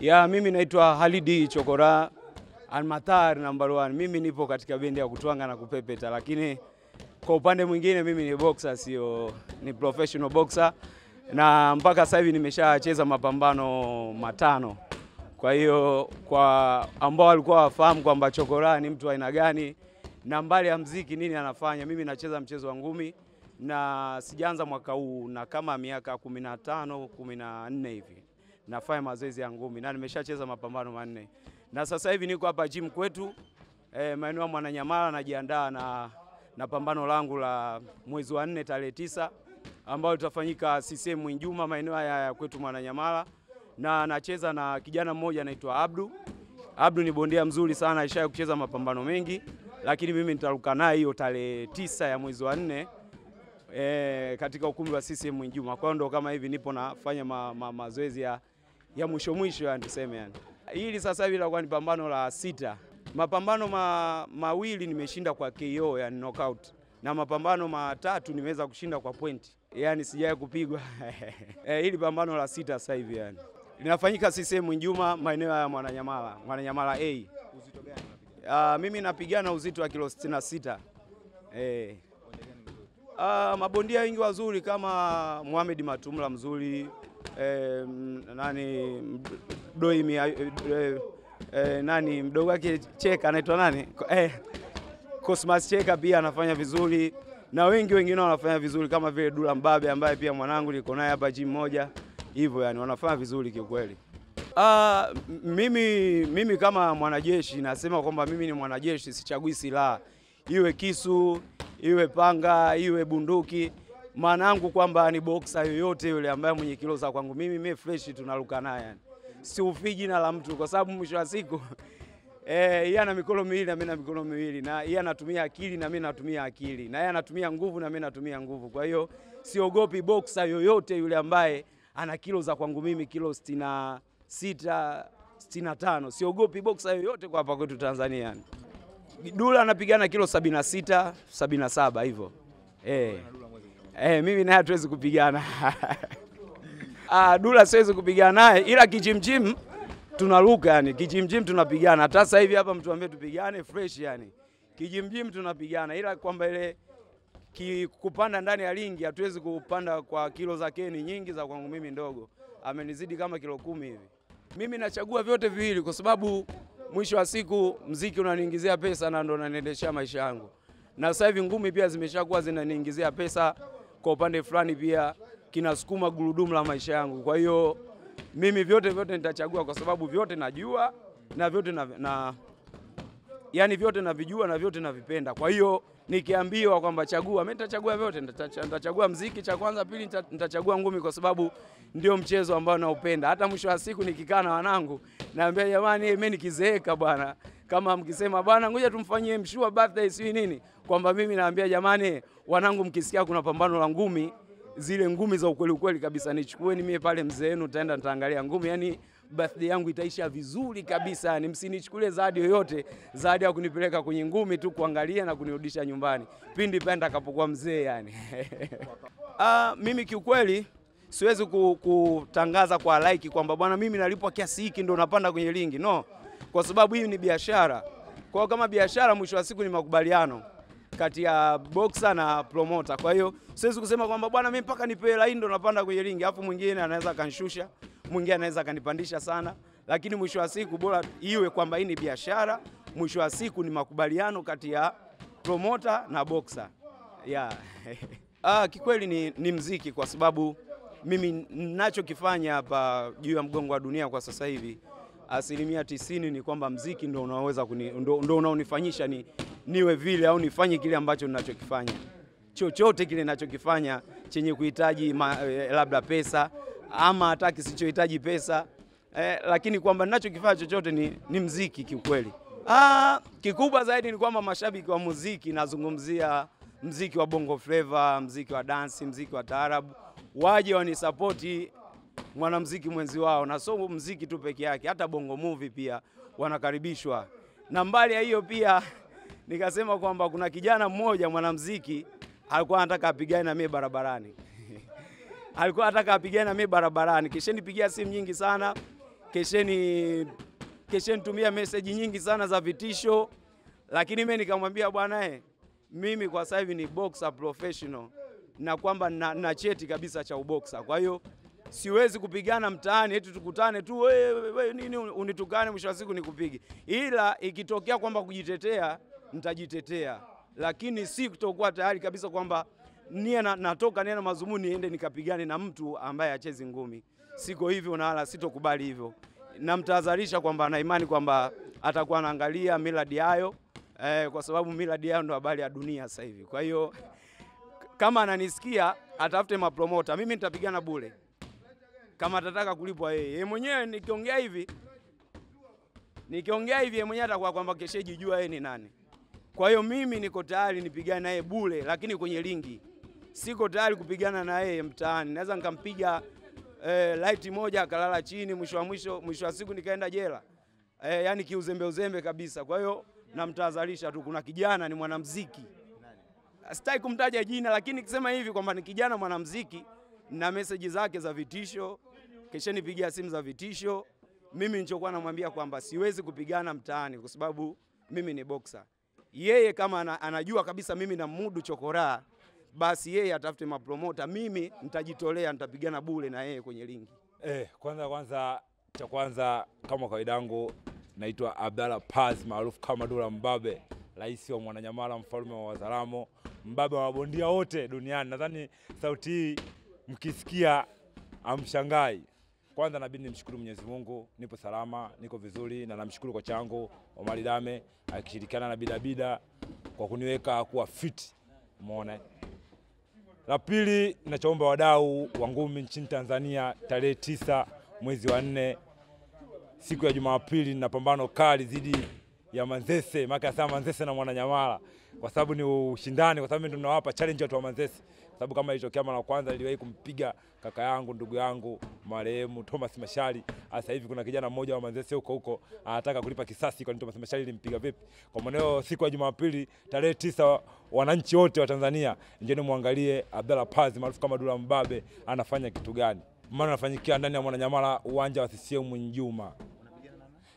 Ya, mimi naitwa Halidi Chokora Almatar number 1. Mimi nipo katika bendi ya kutwanga na kupepeta, lakini kwa upande mwingine mimi ni boxer, sio ni professional boxer, na mpaka sasa hivi nimeshacheza mapambano matano. Kwa hiyo kwa ambao walikuwa wafahamu kwamba Chokora ni mtu aina gani na mbali ya mziki nini anafanya, mimi nacheza mchezo wa ngumi na sijaanza mwaka huu na kama miaka 15 14 hivi nafanya mazoezi ya ngumi na nimeshacheza mapambano manne na sasa hivi niko hapa gym kwetu eh, maeneo ya Mwananyamala najiandaa na, na pambano langu la mwezi wa nne tarehe tisa ambayo litafanyika CCM Mwinjuma maeneo ya, ya kwetu Mwananyamala na nacheza na kijana mmoja anaitwa Abdu. Abdu ni bondia mzuri sana, alishaye kucheza mapambano mengi, lakini mimi nitaruka naye hiyo tarehe tisa ya mwezi wa nne e, katika ukumbi wa CCM Mwinjuma. Kwa hiyo ndo kama hivi nipo nafanya ma, ma, mazoezi ya, ya mwisho mwisho, yani tuseme, yani hili sasa hivi litakuwa ni pambano la sita. Mapambano ma, mawili nimeshinda kwa KO, yani knockout, na mapambano matatu nimeweza kushinda kwa pointi, yani sijawahi kupigwa e, hili pambano la sita sasa hivi yani linafanyika CCM Mwinjuma, maeneo ya Mwananyamala, Mwananyamala A. Uzito gani unapigana? Uh, mimi napigana uzito wa kilo 66. Eh. Uh, mabondia wengi wazuri kama Mohamed Matumla mzuri, eh, nani doi mi, eh, eh, nani mdogo wake Cheka anaitwa nani eh, Cosmas Cheka pia anafanya vizuri na wengi wengine wanafanya vizuri kama vile Dula Mbabe ambaye pia mwanangu niko naye hapa gym moja hivyo, yani wanafanya vizuri kiukweli. Uh, mimi, mimi kama mwanajeshi nasema kwamba mimi ni mwanajeshi, sichagui silaha, iwe kisu, iwe panga, iwe bunduki maana yangu kwamba ni boksa yoyote yule ambaye mwenye kilo za kwangu mimi, mimi fresh tunaruka naye yani. Si ufi jina la mtu kwa sababu mwisho wa siku Eh, yeye ana mikono miwili na mimi na mikono miwili na yeye anatumia akili na mimi natumia akili na yeye anatumia nguvu na mimi natumia nguvu. Kwa hiyo siogopi boksa yoyote yule ambaye ana kilo za kwangu mimi kilo 66 65, Siogopi boksa yoyote kwa hapa kwetu Tanzania. Yani. Dula anapigana kilo 76 77 hivyo eh eh, mimi naye hatuwezi kupigana ah, Dula siwezi kupigana naye, ila kijimjim tunaruka yani, kijimjim tunapigana. Hata sasa hivi hapa mtu ambie tupigane fresh yani, kijimjim tunapigana, ila kwamba ile kupanda ndani ya ringi hatuwezi kupanda kwa kilo za keni nyingi za kwangu mimi ndogo, amenizidi kama kilo kumi hivi. Mimi nachagua vyote viwili kwa sababu mwisho wa siku mziki unaniingizia pesa na ndo unaniendeshea maisha yangu, na sasa hivi ngumi pia zimeshakuwa zinaniingizia pesa kwa upande fulani pia kinasukuma gurudumu la maisha yangu. Kwa hiyo mimi vyote vyote nitachagua kwa sababu vyote najua na vyote na, na yani vyote navijua na vyote navipenda. Kwa hiyo nikiambiwa kwamba chagua, mimi nitachagua vyote, nitachagua mziki cha kwanza, pili nitachagua ngumi kwa sababu ndio mchezo ambao naupenda. Hata mwisho wa siku nikikaa na wanangu naambia, jamani, mimi nikizeeka bwana kama mkisema bwana, ngoja tumfanyie mshua birthday sio nini, kwamba mimi naambia jamani, wanangu, mkisikia kuna pambano la ngumi, zile ngumi za ukweli ukweli kabisa, nichukueni mimi pale mzee wenu, taenda nitaangalia ngumi, yani birthday yangu itaisha vizuri kabisa. Yani msinichukulie zawadi yoyote, zawadi ya kunipeleka kwenye ngumi tu kuangalia na kunirudisha nyumbani pindi pale nitakapokuwa mzee yani. Ah, mimi kiukweli siwezi kutangaza kwa like kwamba bwana, mimi nalipwa kiasi hiki ndio napanda kwenye lingi no kwa sababu hii ni biashara. Kwa kama biashara, mwisho wa siku ni makubaliano kati ya boxer na promoter. Kwa hiyo siwezi kusema kwamba bwana, mimi mpaka nipewe hii ndo napanda kwenye ringi, afu mwingine anaweza akanishusha, mwingine anaweza akanipandisha sana, lakini mwisho wa siku bora iwe kwamba hii ni biashara, mwisho wa siku ni makubaliano kati ya promoter na boxer yeah. Ah, kikweli ni, ni mziki kwa sababu mimi ninachokifanya hapa juu ya mgongo wa dunia kwa sasa hivi asilimia tisini ni kwamba mziki ndo unaweza kuni, ndo, ndo unaonifanyisha ni, niwe vile au nifanye kile ambacho ninachokifanya. Chochote kile ninachokifanya chenye kuhitaji eh, labda pesa ama hata kisichohitaji pesa eh, lakini kwamba ninachokifanya chochote ni, ni mziki kiukweli. Ah, kikubwa zaidi ni kwamba mashabiki wa muziki, nazungumzia mziki wa bongo flava, mziki wa dansi, mziki wa taarabu, waje wanisapoti mwanamziki mwenzi wao, na sio mziki tu peke yake, hata bongo movie pia wanakaribishwa. Na mbali ya hiyo pia nikasema kwamba kuna kijana mmoja mwanamziki alikuwa anataka apigane na mimi barabarani alikuwa anataka apigane na mimi barabarani. Kesheni pigia simu nyingi sana, kesheni kesheni tumia message nyingi sana za vitisho, lakini mimi nikamwambia eh, mimi kwa sasa hivi ni boxer professional na kwamba na, na cheti kabisa cha uboxer. kwa hiyo siwezi kupigana mtaani eti tukutane tu wewe we, nini unitukane, mwisho wa siku nikupige. Ila ikitokea kwamba kujitetea, nitajitetea, lakini si kutokuwa tayari kabisa kwamba nia na, natoka nena mazumuni niende nikapigane na mtu ambaye achezi ngumi. Siko hivyo na wala sitokubali hivyo. Namtahadharisha kwamba na imani kwamba atakuwa anaangalia miladi yayo eh, kwa sababu miladi yayo ndo habari ya dunia sasa hivi. Kwa hiyo kama ananisikia atafute mapromota, mimi nitapigana bure kama atataka kulipwa yeye. Yeye mwenyewe nikiongea hivi nikiongea hivi yeye mwenyewe atakuwa kwamba keshejijua yeye ni nani. Kwa hiyo mimi niko tayari nipigane naye bure, lakini kwenye ringi siko tayari kupigana na yeye mtaani. Naweza nikampiga eh, light moja akalala chini, mwisho wa mwisho mwisho wa siku nikaenda jela eh, yani kiuzembe uzembe kabisa. Kwa hiyo namtahadharisha tu, kuna kijana ni mwanamuziki sitaki kumtaja jina, lakini nikisema hivi kwamba ni kijana mwanamuziki na meseji zake za vitisho keshenipigia simu za vitisho. Mimi nilichokuwa namwambia kwamba siwezi kupigana mtaani kwa sababu mimi ni boksa. Yeye kama anajua kabisa mimi na mudu chokoraa, basi yeye atafute mapromota, mimi nitajitolea, nitapigana bure na yeye kwenye lingi. Eh, kwanza kwanza, cha kwanza kama kawaida yangu naitwa Abdalla Paz maarufu kama Dula Mbabe, rais wa Mwananyamala, mfalme wa Wazaramo, mbabe wa mabondia wote duniani. Nadhani sauti hii mkisikia amshangai. Kwanza nabidi nimshukuru Mwenyezi Mungu, nipo salama, niko vizuri na namshukuru kocha wangu Omari Dame akishirikiana na Bidabida kwa kuniweka kuwa fit. Umeona? La pili, ninachoomba wadau wa ngumi nchini Tanzania, tarehe tisa mwezi wa nne, siku ya Jumapili, na pambano kali dhidi ya Manzese maka sana Manzese na Mwananyamala, kwa sababu ni ushindani, kwa sababu ndio tunawapa challenge watu wa Manzese, kwa sababu kama ilitokea mara kwanza niliwahi kumpiga kaka yangu ndugu yangu marehemu Thomas Mashali. Ah, sasa hivi kuna kijana mmoja wa Manzese huko huko anataka kulipa kisasi, kwani Thomas Mashali nilimpiga vipi? Kwa maana siku ya Jumapili tarehe tisa, wananchi wote wa Tanzania njeni muangalie Abdalla Paz maarufu kama Dula Mbabe anafanya kitu gani, maana anafanyikia ndani ya Mwananyamala, uwanja wa CCM Njuma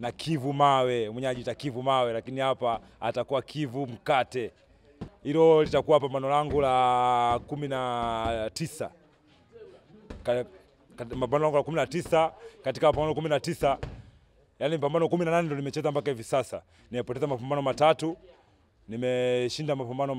na Kivu mawe, mwenye ajita Kivu mawe, lakini hapa atakuwa Kivu mkate. Hilo litakuwa pambano langu la kumi na tisa mapambano yangu ya kumi na tisa katika mapambano kumi na tisa yani pambano kumi na nane ndo nimecheza mpaka hivi sasa. Nimepoteza mapambano matatu, nimeshinda mapambano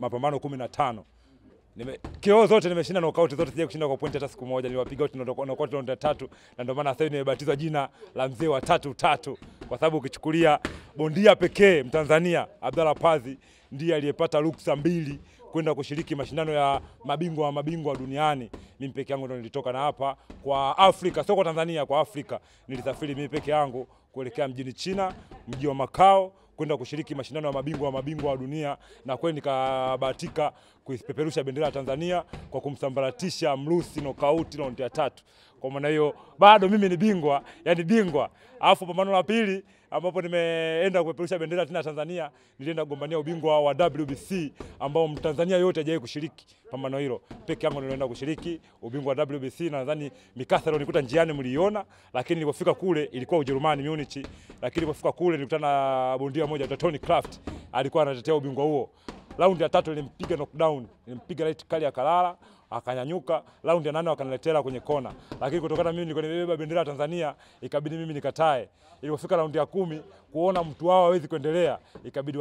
mapambano kumi na tano. Nime KO zote nimeshinda knockout zote sija kushinda kwa pointi hata siku moja. Niliwapiga out knockout round tatu na ndio maana sasa nimebatizwa jina la mzee wa tatu tatu kwa sababu ukichukulia bondia pekee Mtanzania Abdalla Pazi ndiye aliyepata ruksa mbili kwenda kushiriki mashindano ya mabingwa wa mabingwa duniani. Mimi peke yangu ndo nilitoka na hapa kwa Afrika, sio kwa Tanzania, kwa Afrika nilisafiri mimi peke yangu kuelekea mjini China, mji wa Makao kwenda kushiriki mashindano ya mabingwa wa mabingwa wa dunia, na kweli nikabahatika kuipeperusha bendera ya Tanzania kwa kumsambaratisha Mrusi nokauti raundi ya tatu. Kwa maana hiyo bado mimi ni bingwa, yani bingwa. Alafu pambano la pili ambapo nimeenda kupeperusha bendera tena Tanzania. Nilienda kugombania ubingwa wa WBC ambao Mtanzania yote hajawahi kushiriki pambano hilo, peke yangu nilienda kushiriki ubingwa wa WBC. na Nadhani mikasa nilikuta njiani mliona, lakini nilipofika kule ilikuwa Ujerumani Munich, lakini nilipofika kule nilikutana na bondia mmoja Tony Kraft, alikuwa anatetea ubingwa huo. Raundi ya tatu nilimpiga knockdown, nilimpiga right kali ya kalala akanyanyuka, raundi ya nane wakaniletea kwenye kona, lakini kutokana mimi nilikuwa nimebeba bendera ya Tanzania ikabidi mimi nikatae. Ilipofika raundi ya kumi kuona mtu wao hawezi kuendelea, ikabidi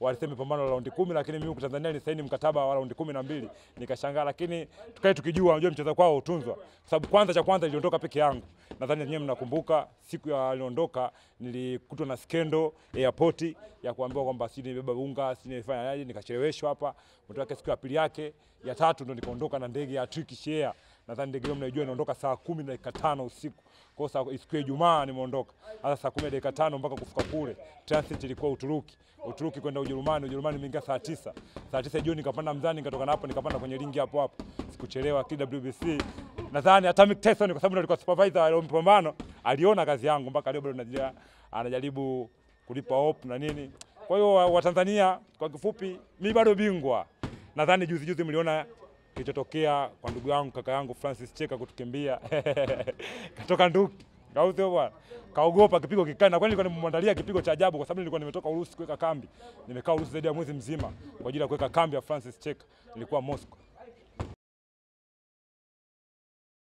waliseme pambano la raundi kumi, lakini mimi kwa Tanzania nisaini mkataba wa raundi kumi na mbili nikashangaa, lakini tukae tukijua, unajua mchezo kwao utunzwa, kwa sababu kwanza, cha kwanza niliondoka peke yangu. Nadhani nyewe mnakumbuka siku ya aliondoka, nilikutwa na skendo airport ya kuambiwa kwamba si nimebeba unga, si nimefanya nini, nikacheleweshwa hapa. wake siku ya pili yake ya tatu ndo nikaondoka na ndege ya Turkish Air nadhani ndege hiyo mnaijua inaondoka saa kumi na dakika tano usiku kwao, saa siku ya Ijumaa nimeondoka hasa saa kumi na dakika tano mpaka kufika kule. Transit ilikuwa Uturuki, Uturuki kwenda Ujerumani, Ujerumani nimeingia saa tisa saa tisa jioni nikapanda mzani, nikatoka hapo nikapanda kwenye ringi hapo hapo, sikuchelewa KWBC. Nadhani hata Mick Tyson kwa sababu alikuwa supervisor wa mpambano aliona kazi yangu mpaka leo bado anajaribu kulipa hope na nini. Kwa hiyo Watanzania, kwa kifupi, mi bado bingwa. Nadhani juzi juzi mliona kilichotokea kwa ndugu yangu kaka yangu Francis Cheka kutukimbia katoka nduki au sio bwana? Kaogopa kipigo kikali, na kwani nilikuwa nimemwandalia kipigo cha ajabu, kwa sababu nilikuwa nimetoka Urusi kuweka kambi. Nimekaa Urusi zaidi ya mwezi mzima kwa ajili ya kuweka kambi ya Francis Cheka, nilikuwa Moscow.